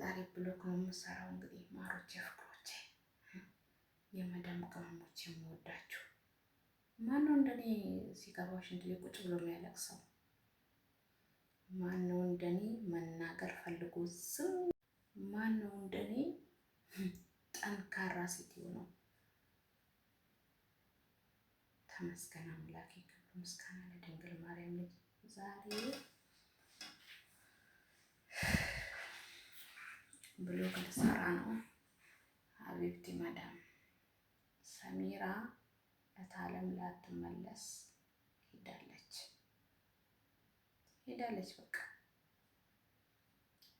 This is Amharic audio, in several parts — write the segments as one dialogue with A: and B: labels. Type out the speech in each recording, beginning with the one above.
A: ዛሬ ብሎግ ነው የምሰራው። እንግዲህ ማሮቼ ፍቅሮቼ፣ የመዳም ቅመሞች የምወዳችሁ ነው እንደኔ ሲገባው እንደ ቁጭ ብሎ የሚያለቅሰው? ነው እንደኔ መናገር ፈልጎ ዝም? ነው እንደኔ ጠንካራ ሴት ነው? ተመስገን አምላኬ፣ ክብር ምስጋና ለድንግል ማርያም። ዛሬ ብሎ ከተሰራ ነው። ሀቢብቲ መዳም ሰሚራ እታለም ላትመለስ ሄዳለች ሄዳለች። በቃ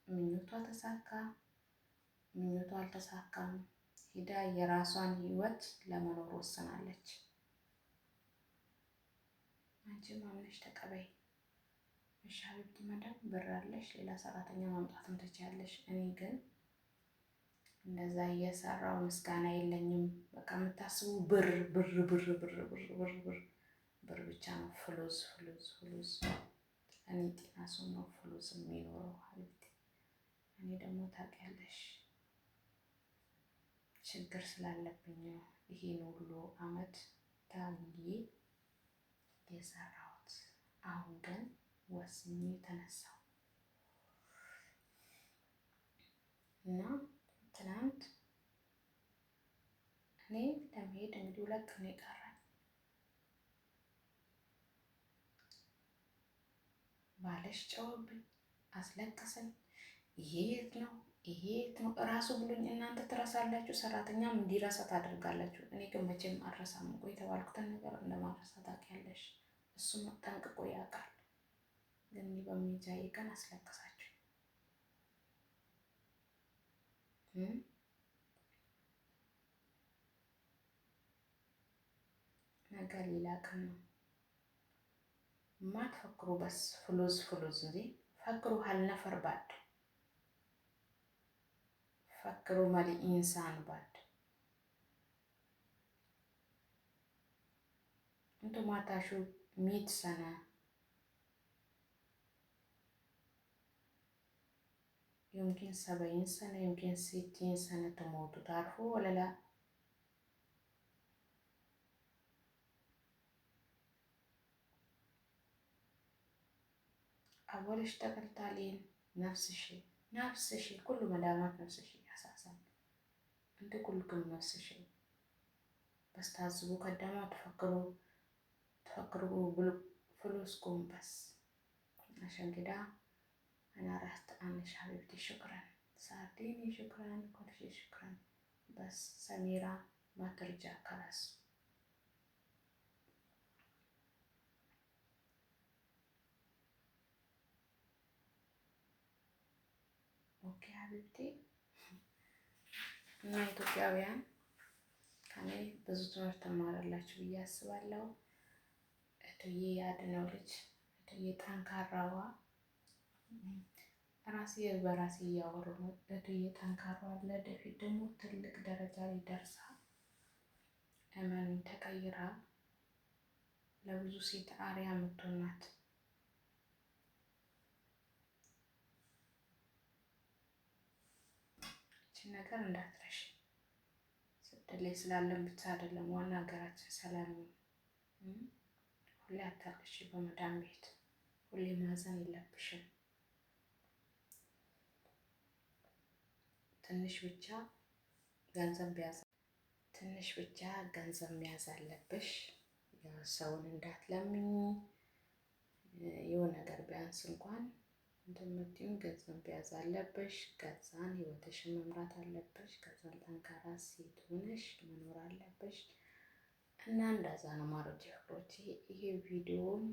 A: ምኞቷ ተሳካ ምኞቷ አልተሳካም። ሄዳ የራሷን ህይወት ለመኖር ወስናለች። አንቺ ማምነሽ ተቀበይ። እሺ ሀቢብቲ መዳም ብር አለሽ፣ ሌላ ሰራተኛ ማምጣት ትችያለሽ። እኔ ግን እንደዛ እየሰራው ምስጋና የለኝም። በቃ የምታስቡ ብር ብር ብር ብር ብር ብር ብር ብር ብቻ ነው። ፍሉስ ፍሉስ ፍሉስ። እኔ ሰው ነው ፍሉስ የሚኖረው ሀቢብቲ። እኔ ደግሞ ታውቂያለሽ ችግር ስላለብኝ ይሄን ሁሉ አመት ታውዬ የሰራሁት አሁን ግን ወስኜ ተነሳው እና ሁለቱ ነው የቀረን። ባለሽ ጨውብኝ፣ አስለቀሰኝ። ይሄ የት ነው ይሄ የት ነው እራሱ ብሎኝ። እናንተ ትረሳላችሁ፣ ሰራተኛም እንዲረሳ ታደርጋላችሁ። እኔ ግን መቼም አልረሳም እኮ የተባልኩትን ነገር እንደማረሳ ታውቂያለሽ። እሱም ጠንቅቆ ያውቃል። ግን በሚጃይ ቀን አስለቀሳችሁ ነገ ሌላ ቀን ነው። ማትፈክሩ በስ ፍሉዝ ፍሉዝ እንጂ ፈክሩ ሀልነፈር ባድ ፈክሩ መል ኢንሳን ባድ እንቱ ማታሹ ሚት ሰነ ዮምኪን ሰበይን ሰነ ዮምኪን ሲቲን ሰነ ተሞቱ ታርፎ ወለላ አወልሽ ተቀልታሌን ነፍስሽ ነፍስሽ ኩሉ መዳማት ነፍስሽ ያሳሳል እንደ ኩሉ ነፍስሽ በስታዝቡ ከዳማ ተፈክሩ ተፈክሩ ፍሉስ ጎንበስ አሸንግዳ አናራት አነሽ ሀቢብቲ ሽክረን ሳርዲኒ ሽክረን ኮልሽ ሽክረን በስ ሰሚራ ማትርጃ ከረስ ኦኬ ሀቢብቲ እና ኢትዮጵያውያን ከኔ ብዙ ትምህርት ትማራላችሁ ብዬ አስባለሁ። እትዬ አድነው ልጅ እትዬ ጠንካራዋ ራሴ በራሴ እያወሩ ነው። እትዬ ጠንካራዋ ለወደፊት ደግሞ ትልቅ ደረጃ ላይ ደርሳ እመኑኝ ተቀይራ ለብዙ ሴት አርአያ የምትሆን ናት። ይችን ነገር እንዳትረሽ። ስደት ላይ ስላለን ብቻ አይደለም ዋና ሀገራችን ሰላም ሁሌ አታልቅሽ በመዳን ቤት ሁሌ ማዘን የለብሽም። ትንሽ ብቻ ገንዘብ ቢያዝ ትንሽ ብቻ ገንዘብ መያዝ አለብሽ። ሰውን እንዳትለምኝ የሆነ ነገር ቢያንስ እንኳን እንደምትዩን ገንዘብ ቢያዝ አለበሽ። ከዛን ህይወትሽን መምራት አለበሽ። ከዛን ጠንካራ ሴት ሆነሽ መኖር አለበሽ እና እንደዛ ነው ማሮቼ ፍቅሮቼ። ይሄ ቪዲዮም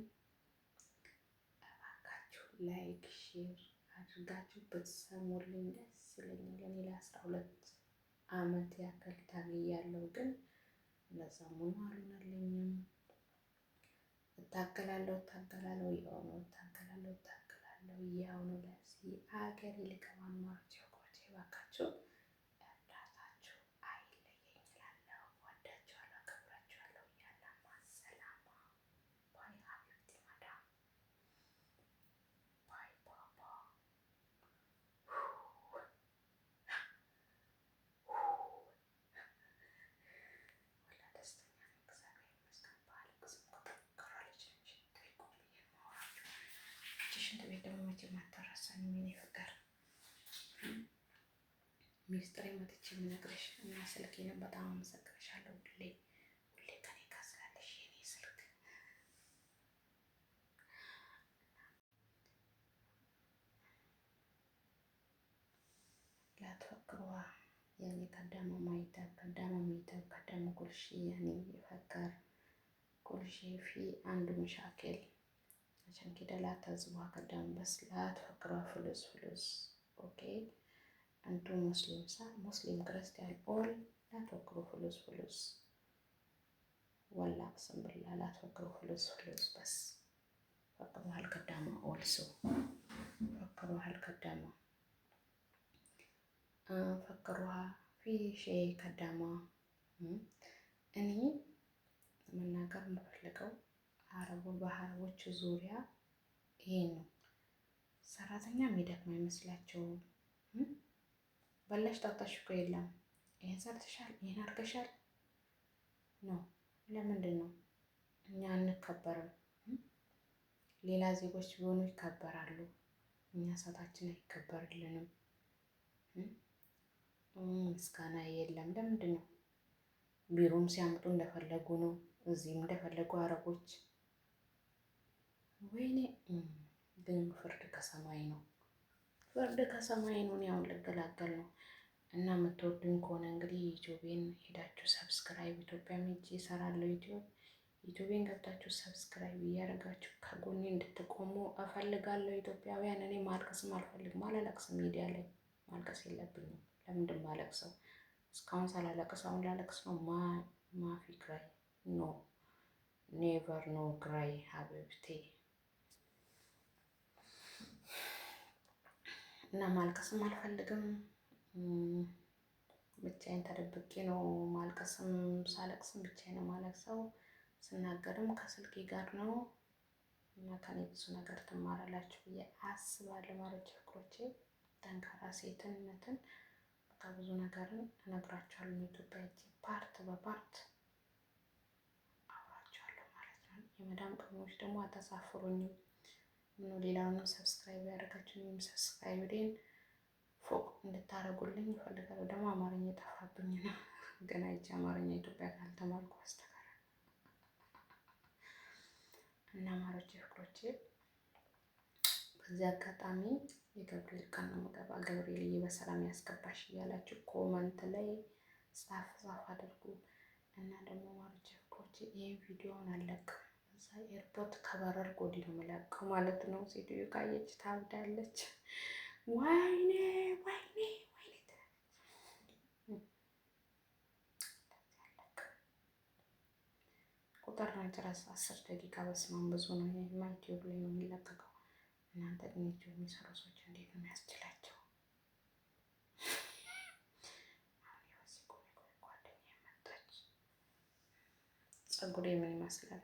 A: እባካችሁ ላይክ፣ ሼር አድርጋችሁ ብትሰሙልኝ ደስ ይለኛል። እኔ ለአስራ ሁለት አመት ያክል ታግያለሁ፣ ግን ለዛም ሆኖ አልሆነልኝም። እታገላለሁ እታገላለሁ የሆነው እታገላለሁ እላለሁ። ይኸው ነው ለዚህ አገሬ ልገባ ነው ማለት ያውቋቸው እባካችሁ አሳሚ ምን ይፈቀር ሚስጥር መጥቼ የምነግርሽ እና ስልኬንም በጣም አመሰግንሻለሁ። ሁሌ ሁሌ ከኔ ጋር ስላለሽ የኔ ስልክ ላትፈቅሯ የኔ ቀደመ ማይተ ቀደመ ሚተ ቀደመ ቁልሽ የኔ ይፈቀር ቁልሽ ፊ አንዱ መሻክል macam kida lata zuwa ka dambas la ፍሉስ fulus fulus okay antum muslim sa ክርስቲያን ኦል ላትወክሩ ፍሉስ ፍሉስ ወላ አቅስም ብላ ላትወክሩ ፍሉስ ፍሉስ በስ ፈቅሩ ሀልከዳማ ኦልሶ ፈቅሩሃ ሀልከዳማ ፈቅሩሃ ፊ ሼ ከዳማ እኔ መናገር የምፈልገው ሀረቦ በሀረቦች ዙሪያ ይሄ ነው። ሰራተኛ የሚደክም አይመስላቸውም። በላሽ ጣጣሽ እኮ የለም። ይህን ሰርተሻል፣ ይህን አድርገሻል ነው። ለምንድን ነው እኛ አንከበርም? ሌላ ዜጎች ቢሆኑ ይከበራሉ። እኛ ሰታችን አይከበርልንም። ምስጋና የለም። ለምንድን ነው? ቢሮም ሲያምጡ እንደፈለጉ ነው። እዚህም እንደፈለጉ አረቦች ወይኔ ግን ፍርድ ከሰማይ ነው፣ ፍርድ ከሰማይ ነው። እኔ አሁን ልገላገል ነው እና የምትወዱኝ ከሆነ እንግዲህ ዩቲዩቤን ሄዳችሁ ሰብስክራይብ፣ ኢትዮጵያ ሄጄ እሰራለሁ ዩቲዩብ ዩቱቤን ገብታችሁ ሰብስክራይብ እያደረጋችሁ ከጎኔ እንድትቆሙ እፈልጋለሁ። ኢትዮጵያውያን እኔ ማልቀስም አልፈልግም፣ አላለቅስም። ሚዲያ ላይ ማልቀስ የለብኝም። ለምንድን ማለቅሰው? እስካሁን ሳላለቅስ አሁን ላለቅስ ነው? ማፊ ግራይ ኖ ኔቨር ኖ ግራይ ሀበብቴ እና ማልቀስም አልፈልግም። ብቻዬን ተደብቄ ነው ማልቀስም ሳለቅስም ብቻዬን ነው ማለቅሰው። ስናገርም ከስልኬ ጋር ነው እና ከኔ ብዙ ነገር ትማራላችሁ ብዬ አስባለሁ። ማለት ፍቅሮቼ ጠንካራ ሴትነትን በቃ ብዙ ነገርን እነግራችኋለሁ። የኢትዮጵያ ፓርት በፓርት አውራችኋለሁ ማለት ነው። የመዳም ቅድሞች ደግሞ አታሳፍሩኝም። ሌላውንም ሰብስክራይብ ሰብስክራይብ ሰብስክራይብዴን ፎቅ እንድታደርጉልኝ ይፈልጋሉ። ደግሞ አማርኛ የጠፋብኝ ነው፣ ገና ይቺ አማርኛ ኢትዮጵያ ካልተማርኩ አስተካከል እና አማሮቼ ፍቅሮቼ፣ በዚህ አጋጣሚ የገብርኤል ቀን ነው የምገባ ገብርኤል በሰላም ያስገባሽ እያላችሁ ኮመንት ላይ ጻፍ ጻፍ አድርጉ እና ደግሞ አማሮቼ ፍቅሮቼ ይህን ቪዲዮውን አለቅም ኤርፖርት ከበረር ወዲህ ነው የምለቀው ማለት ነው። ሴትዮ ካየች ታብዳለች። ወይኔ ወይኔ ወይኔ ቁጥር ነው አስር ደቂቃ በስማም ብዙ ነው። ይሄማ ዩቲዩብ ላይ ነው የሚለቀቀው። እናንተ ግን ዩቲዩብ የሚሰሩ ሰዎች እንዴት ነው የሚያስችላቸው? ፀጉር ምን ይመስላል?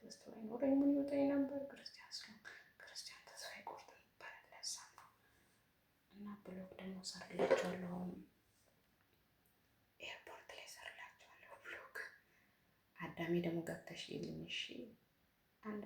A: ትዕግስት ባይኖረኝ ምን ይወጣኝ ነበር? ክርስቲያን ክርስቲያን ተስፋ ለዛ ነው እና ደግሞ ሰርላቸዋለሁ፣ ኤርፖርት ላይ ሰርላቸዋለሁ አዳሜ ደግሞ ገብተሽ ይልኝ እሺ፣ አንድ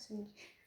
A: 手机。